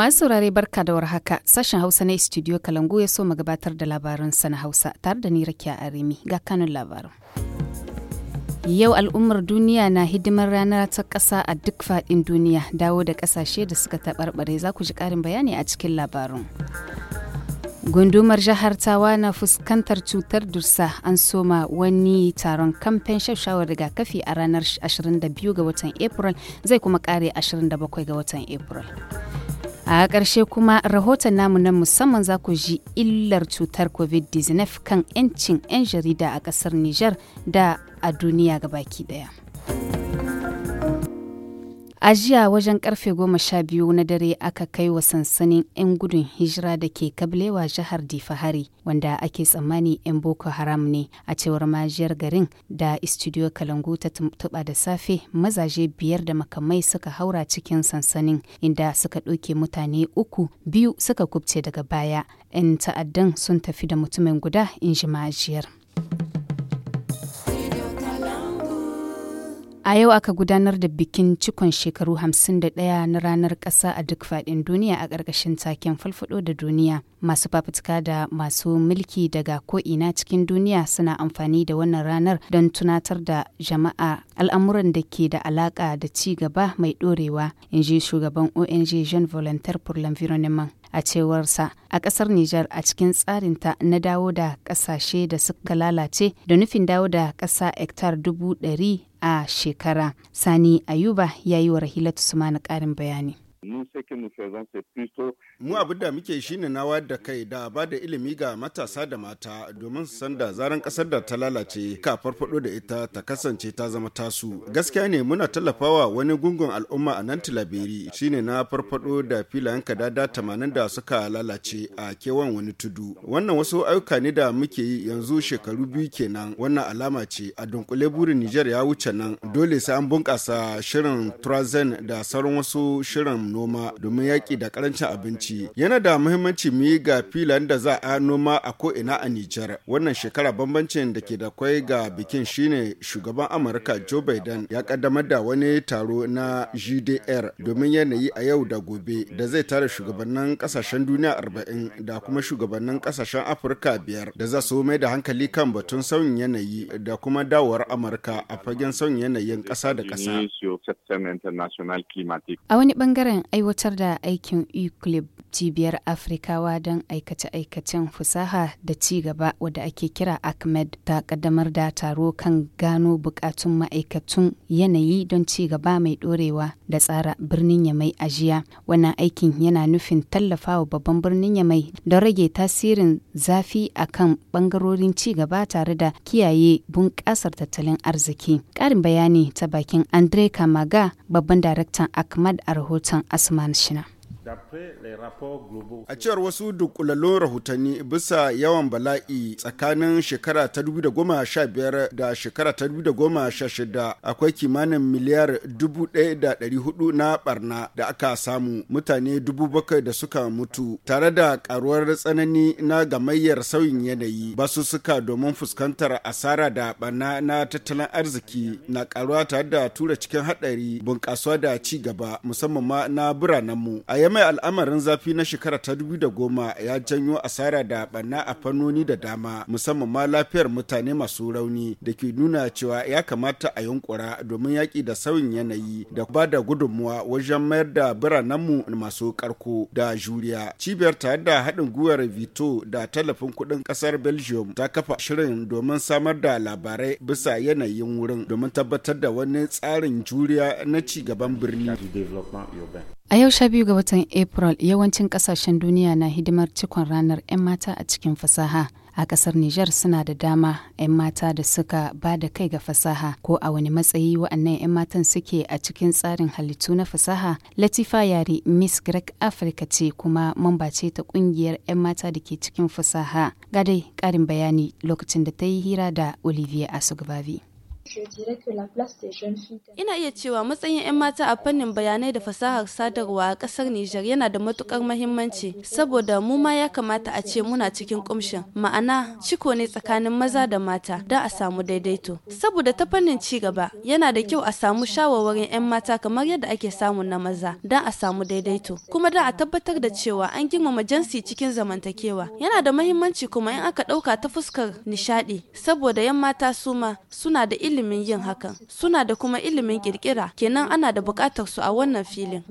Masu saurare barka da warhaka sashen Hausa na Studio Kalangu ya so gabatar da labarin sana Hausa tare da ni Rakiya Arimi ga kanun labarin. Yau al'ummar duniya na hidimar ranar ta ƙasa a duk faɗin duniya dawo da ƙasashe da suka taɓarɓare za ku ji ƙarin bayani a cikin labarin. Gundumar jihar Tawa na fuskantar cutar dursa an soma wani taron kamfen shafshawar rigakafi a ranar 22 ga watan April zai kuma ƙare 27 ga watan April. a ƙarshe kuma rahoton namu na musamman za ku ji illar cutar covid-19 kan 'yancin 'yan jarida a ƙasar niger da a duniya gabaki ɗaya. A jiya wajen karfe goma sha biyu na dare aka kai wa sansanin 'yan gudun hijira da ke kablewa jihar Difahari wanda ake tsammani 'yan Boko Haram ne a cewar majiyar garin da Istudiyo Kalangu ta tuba da safe mazaje biyar da makamai suka haura cikin sansanin inda suka ɗauke mutane uku biyu suka kubce daga baya 'yan ta'addan sun tafi da mutumin guda in ji majiyar. A yau aka gudanar da bikin cikon shekaru 51 na ranar ƙasa a duk faɗin duniya a ƙarƙashin taken falfaɗo da duniya. Masu fafutuka da masu mulki daga ko'ina cikin duniya suna amfani da wannan ranar don tunatar da jama'a al'amuran da ke da alaƙa da ci gaba mai ɗorewa, in ji shugaban ONG Jean Volontaire pour l'Environnement. a cewarsa a ƙasar Nijar a cikin tsarin ta na dawo da ƙasashe da suka lalace da nufin dawo da ƙasa hektar dubu ɗari a shekara. Sani Ayuba ya yi wa Rahilatu su na ƙarin bayani. Nous, ce que nous faisons, Mu abin da muke shi ne na wayar da kai da ba da ilimi ga matasa da mata domin su san da zaran kasar da ta lalace ka farfado da ita ta kasance ta zama tasu. Gaskiya ne muna tallafawa wani gungun al'umma a nan Tilaberi ne na farfado da filayen kadada tamanin da suka lalace a kewan wani tudu. Wannan wasu ayyuka ne da muke yi yanzu shekaru biyu kenan wannan alama ce a dunkule burin Nijar ya wuce nan dole sai an bunƙasa shirin Trazen da sauran wasu shirin noma domin yaƙi da ƙarancin abinci. Yana da muhimmanci mu yi ga filan da za a noma a ko'ina a Nijar. Wannan shekara bambancin da ke da kwai ga bikin shine shugaban Amurka Joe Biden ya kaddamar da wani taro na GDR domin yanayi a yau da gobe da zai tara shugabannin ƙasashen duniya arba'in da kuma shugabannin ƙasashen Afirka biyar da za su mai da hankali kan batun sauyin yanayi da kuma dawowar Amurka a fagen sauyin yanayin ƙasa da ƙasa. A wani bangaren Wajen aiwatar da aikin E-Club cibiyar Afrikawa don aikace-aikacen fusaha da ci gaba wadda ake kira Ahmed ta kaddamar da taro kan gano bukatun ma'aikatun yanayi don ci gaba mai dorewa da tsara birnin Yamai a jiya. Wannan aikin yana nufin tallafawa babban birnin Yamai don rage tasirin zafi akan bangarorin ci gaba tare da kiyaye bunƙasar tattalin arziki. Ƙarin bayani ta bakin Andre Kamaga babban daraktan Ahmed a rahoton asman shina A cewar wasu dukkulallun rahotanni bisa yawan bala'i tsakanin shekara ta 2015 da shekara ta 2016 akwai kimanin miliyar 1,400 na barna da aka samu mutane 7,000 da suka mutu tare da karuwar tsanani na gamayyar sauyin yanayi su suka domin fuskantar asara da barna na tattalin arziki na karuwa tare da tura cikin haɗari bunƙasuwa da ci gaba musamman ma na biranenmu. A yamma mai al'amarin zafi na shekara ta goma ya janyo asara da barna a fannoni da dama musamman ma lafiyar mutane masu rauni da ke nuna cewa ya kamata a yunkura domin yaƙi da sauyin yanayi da ba da gudunmuwa wajen mayar da biranenmu masu karko da juriya. Cibiyar tare da haɗin gwiwar Vito da tallafin kuɗin ƙasar Belgium ta kafa shirin domin samar da labarai bisa yanayin wurin domin tabbatar da wani tsarin juriya na ci gaban birni. A yau sha biyu ga watan April yawancin kasashen duniya na hidimar cikon ranar 'yan mata a cikin fasaha. A kasar Nijar suna da dama 'yan mata da suka ba da kai ga fasaha ko a wani matsayi wa'annan 'yan matan suke a cikin tsarin halittu na fasaha. Latifa Yari Miss Greg Africa ce kuma mamba ce ta kungiyar 'yan mata da ke cikin fasaha. Gadai karin bayani lokacin da ta yi hira da Olivia Asugbavi. Ina iya cewa matsayin 'yan mata a fannin bayanai da fasahar sadarwa a ƙasar Nijar yana da matuƙar mahimmanci saboda mu ma ya kamata a ce muna cikin kumshin ma'ana ciko ne tsakanin maza da mata don a samu daidaito. Saboda ta fannin ci gaba yana da kyau a samu shawarwarin 'yan mata kamar yadda ake samu na maza don a samu daidaito kuma don a tabbatar da cewa an girmama jinsi cikin zamantakewa yana da mahimmanci kuma in aka ɗauka ta fuskar nishaɗi saboda 'yan mata su ma suna da ilimi ilimin yin hakan suna da kuma ilimin kirkira kenan ana da bukatar su a wannan filin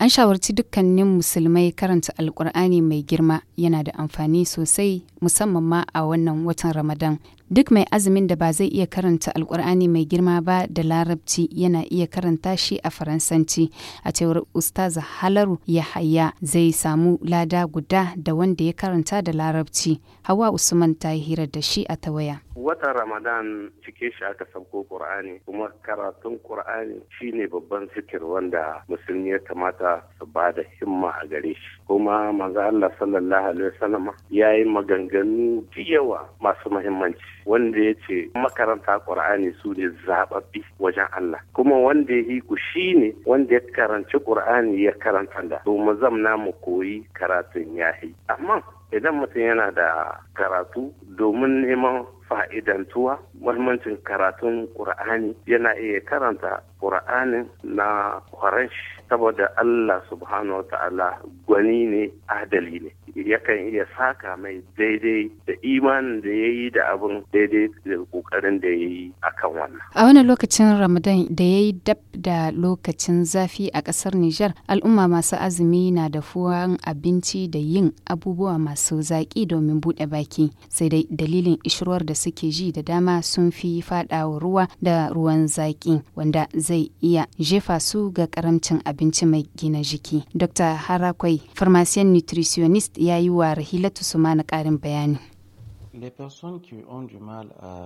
an shawarci dukkanin musulmai karanta alkur'ani mai girma yana da amfani sosai musamman ma a wannan watan ramadan Duk mai azumin da ba zai iya karanta alkur'ani mai girma ba da Larabci yana iya karanta shi a Faransanci. A cewar Ustaz Halaru Yahaya zai samu lada guda da wanda ya karanta da Larabci. Hawa Usman ta yi hira da shi a tawaya. Watan Ramadan cike shi aka sauko Ƙur'ani kuma karatun Ƙur'ani shine babban fikir wanda musulmi ya kamata su ba da himma a gare shi. Kuma manzo Allah sallallahu alaihi wasallam ya yi maganganu da yawa masu muhimmanci. wanda ya ce makaranta ƙur'ani su ne zaɓaɓɓi wajen Allah kuma wanda ya hiku shi ne wanda ya karanci ƙur'ani ya karanta da to mu zamna mu koyi karatun ya yi, amma idan mutum yana da karatu domin neman fa'idantuwa muhimmancin karatun ƙur'ani yana iya karanta ƙur'anin na kwaranshi saboda Allah subhanahu wa ta'ala gwani ne adali ne yakan iya saka mai daidai da imanin da ya yi da abin daidai da kokarin da ya yi a kan wannan. A wani lokacin Ramadan da ya yi dab da lokacin zafi a ƙasar Nijar, al'umma masu azumi na da fuwan abinci da yin abubuwa masu zaƙi domin buɗe baki. Sai dai dalilin ishirwar da suke ji da dama sun fi faɗawa ruwa da ruwan zaƙi wanda zai iya jefa su ga ƙaramcin abinci mai gina jiki. Dr. Harakwai, farmasiyan nutritionist ya yi wa Rahilatu na ƙarin bayani.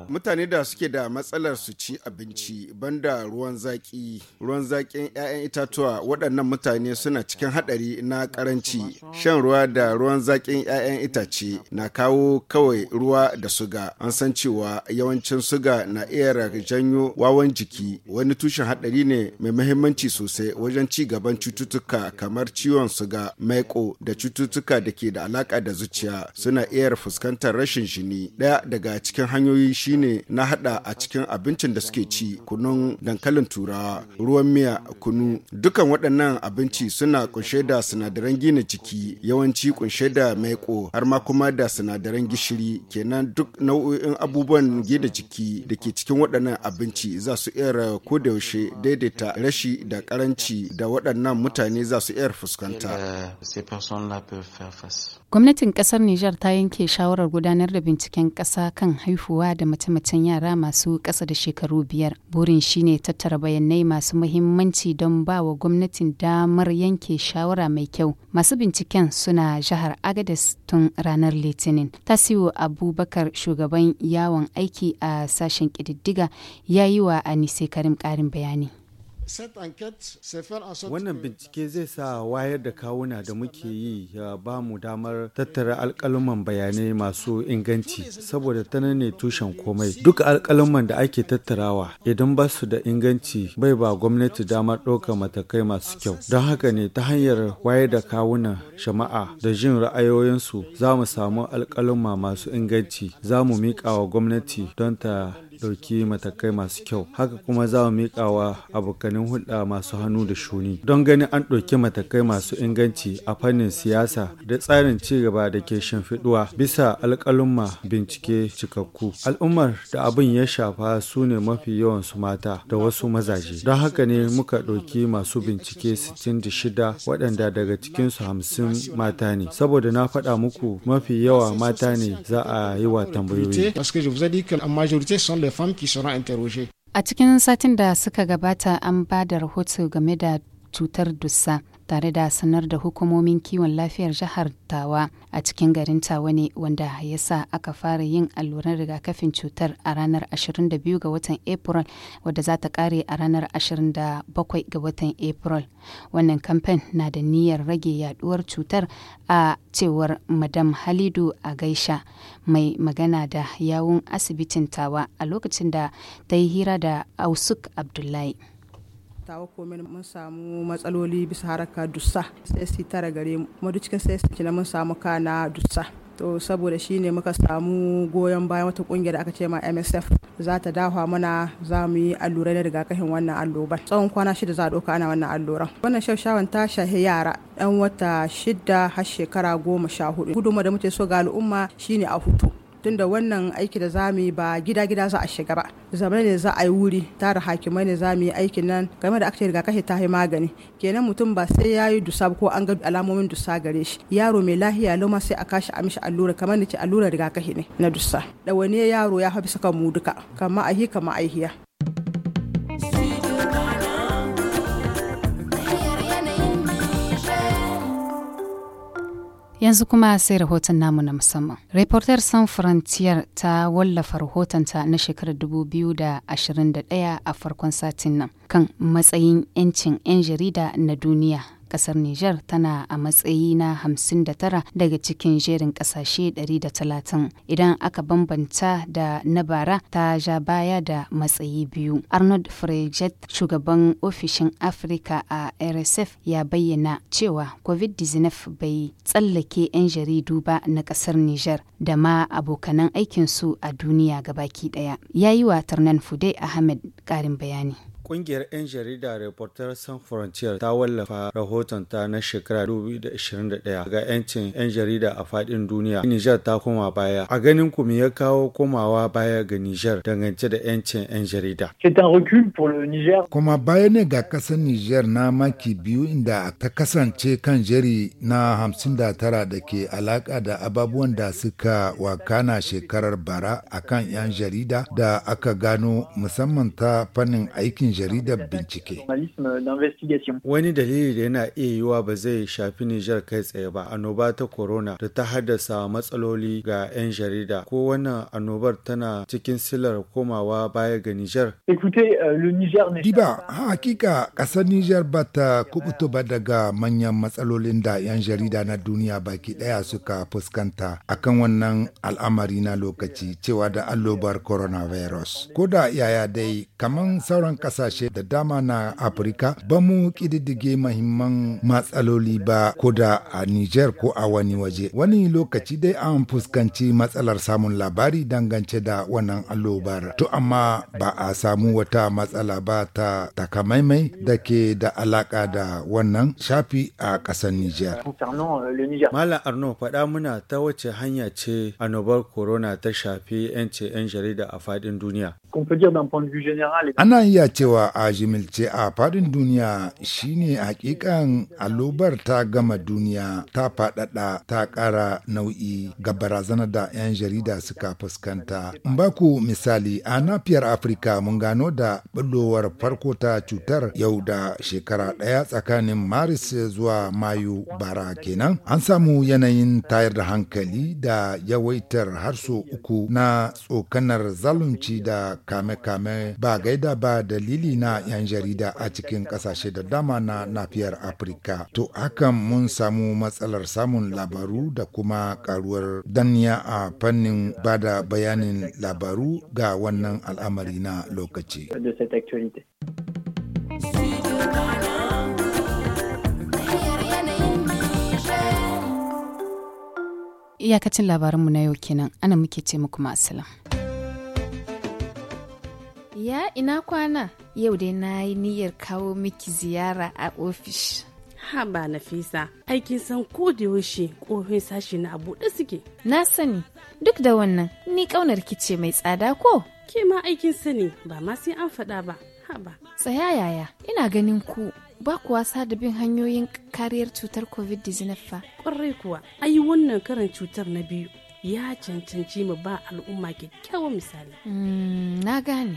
Mutane da suke da matsalar su ci abinci banda ruwan zaƙi ruwan zakin 'ya'yan itatuwa waɗannan mutane suna cikin haɗari na ƙaranci. Shan ruwa da ruwan zaƙin 'ya'yan itace na kawo kawai ruwa da suga. An san cewa yawancin suga na iya janyo wawan jiki wani tushen haɗari ne mai mahimmanci sosai wajen ci gaban cututtuka kamar ciwon suga, maiko da cututtuka da ke da alaƙa da zuciya suna iya fuskantar rashin shi jini ɗaya daga cikin hanyoyi shine na hada a cikin abincin da suke ci kunun dankalin turawa ruwan miya kunu dukan waɗannan abinci suna kunshe da sinadaran gina jiki yawanci kunshe da maiko har ma kuma da sinadaran gishiri kenan duk nau'o'in abubuwan gina jiki da ke cikin waɗannan abinci za su iya kodayaushe daidaita rashi da karanci da waɗannan mutane za su iya fuskanta. Euh, Gwamnatin kasar Nijar ta yanke shawarar gudanar da binciken ƙasa kan haihuwa da mace-macen yara masu ƙasa da shekaru biyar. Burin shine tattara bayanai masu muhimmanci don ba wa gwamnatin damar yanke shawara mai kyau. Masu binciken suna jihar Agadez tun ranar Litinin. siyo Abubakar shugaban yawon aiki a sashen ƙididdiga ya yi wa Anise Karim ƙarin bayani. Wannan bincike zai sa wayar da kawuna da muke yi ya ba mu damar tattara alkaluman bayanai masu inganci saboda ta ne tushen komai. Duk alkaluman da ake tattarawa idan ba su da inganci bai ba gwamnati damar ɗaukar matakai masu kyau. Don haka ne ta hanyar wayar da kawuna shama'a da jin ra'ayoyinsu za mu samu alkaluma masu inganci za mu miƙa wa gwamnati don ta ɗauki matakai masu kyau haka kuma za mu miƙawa abokanin hulɗa masu hannu da shuni don ganin an ɗauki matakai masu inganci a fannin siyasa da tsarin ci gaba da ke shimfiɗuwa bisa alƙalumma bincike cikakku al'ummar da abin ya shafa su ne mafi yawan su mata da wasu mazaje don haka ne muka ɗauki masu bincike 66 waɗanda daga cikinsu 50 mata ne saboda na faɗa muku mafi yawa mata ne za a yi wa tambayoyi femmes qui seront A cikin satin da suka gabata an ba da rahoto game da cutar dussa tare da sanar da hukumomin kiwon lafiyar jihar Tawa a cikin garin Tawa ne wanda ya sa aka fara yin alluran rigakafin cutar a ranar 22 ga watan April wadda za ta kare a ranar 27 ga watan April. Wannan kamfen na da niyyar rage yaduwar cutar a cewar Madam Halidu a gaisha mai magana da yawun asibitin Tawa a lokacin da ta yi hira da Ausuk Abdullahi. wa komai mun samu matsaloli bisa haraka dusa sai tara gare mu duk cikin sai mun samu kana dusa to saboda shi ne muka samu goyon bayan wata kungiyar aka ce ma msf za ta dawa mana za mu yi allurai na rigakafin wannan allobar tsawon kwana shida za a ɗauka ana wannan alluran wannan shaushawan ta shahi yara ɗan wata shida har shekara goma sha hudu gudunmu da muke so ga al'umma shine a hutu tunda wannan aiki da za mu yi ba gida gida za a shiga ba zama ne za a yi wuri tara hakimai ne za mu yi aikin nan game da aka rigakafi ta yi magani kenan mutum ba sai ya yi dusa ko an ga alamomin dusa gare shi yaro mai lahiya lauma sai a kashi a mishi allura kamar da ce allura rigakafi ne na dusa da wani yaro ya hafi saka mu duka kama ahi kama Yanzu kuma sai rahoton namu na musamman. Reporter San Frontier ta wallafa rahotonta na shekarar 2021 a farkon satin nan kan matsayin 'yancin 'yan jarida na duniya kasar Nijar tana a matsayi na 59 daga cikin jerin kasashe 130 idan aka bambanta da na bara ta ja baya da matsayi biyu. Arnold Frejet shugaban ofishin Afrika a RSF ya bayyana cewa COVID-19 bai tsallake 'yan jaridu ba na kasar Nijar da ma abokanan aikinsu a duniya gabaki daya. Ya yi wa Tarnan Fude Ahmed karin bayani. Ƙungiyar 'yan jarida Reporters Sans Frontier ta wallafa ta na shekara 2021 ga 'yancin 'yan jarida a faɗin duniya. Nijar ta koma baya. A ganin ku ya kawo komawa baya ga Nijar dangance da 'yancin 'yan jarida? Kuma baya ne ga ƙasar Nijar na maki biyu inda ta kasance kan jari na 59 da ke alaƙa da ababuwan da suka wakana shekarar bara akan 'yan jarida da aka gano musamman ta fannin aikin aikin jaridar bincike. Wani dalili da yana iya yiwuwa ba zai shafi Nijar kai tsaye ba annoba ta corona da ta haddasa matsaloli ga 'yan jarida ko wannan annobar tana cikin silar komawa baya ga Nijar. Euh, diba hakika ƙasar Nijar ba ta kubuto ba daga manyan matsalolin da 'yan jarida na duniya baki ɗaya suka fuskanta akan wannan al'amari na lokaci cewa da allobar coronavirus. Ko da yaya dai kamar sauran ƙasa kasashe da dama na Afirka ba mu ƙididdige mahimman matsaloli ba ko da a Nijar ko a wani waje. Wani lokaci dai an fuskanci matsalar samun labari dangance da wannan allobar. To amma ba a samu wata matsala ba ta takamaimai da ke da alaka da wannan shafi a ƙasar Nijar. Euh, Malam Arno faɗa muna ta wace hanya ce annobar corona ta shafi 'yancin 'yan jarida a faɗin duniya. qu'on peut dire d'un point de vue général. Ana iya cewa a jimilce a fadin duniya shine hakikan allobar ta gama duniya ta faɗaɗa ta ƙara nau'i ga barazanar da 'yan jarida suka fuskanta. In ba ku misali a nafiyar Afirka mun gano da bullowar farko ta cutar yau da shekara daya tsakanin Maris zuwa Mayu bara kenan. An samu yanayin tayar da hankali da yawaitar har uku na tsokanar zalunci da kame-kame ba gaida ba dalili na 'yan jarida a cikin kasashe da dama na nafiyar Afirka. To hakan mun samu matsalar samun labaru da kuma karuwar danniya a fannin ba da bayanin labaru ga wannan al'amari na lokaci. Iyakacin labarinmu na yau kenan ana muke ce muku masu Ya ina kwana? Yau dai na yi niyyar kawo miki ziyara a ofis. Ha ba Nafisa, aikin san ko da yaushe kofin sashi na buɗe suke. Na sani, duk da wannan, ni ƙaunar ki mai tsada ko? Ke ma aikin sani ba ma sai an faɗa ba, ha ba. Tsaya yaya, ina ganin ku ba kuwa da bin hanyoyin kariyar cutar covid-19 fa. Ƙwarai kuwa, ayi wannan karin cutar na biyu ya cancanci mu ba al'umma kyakkyawan misali. Hmm, na gane.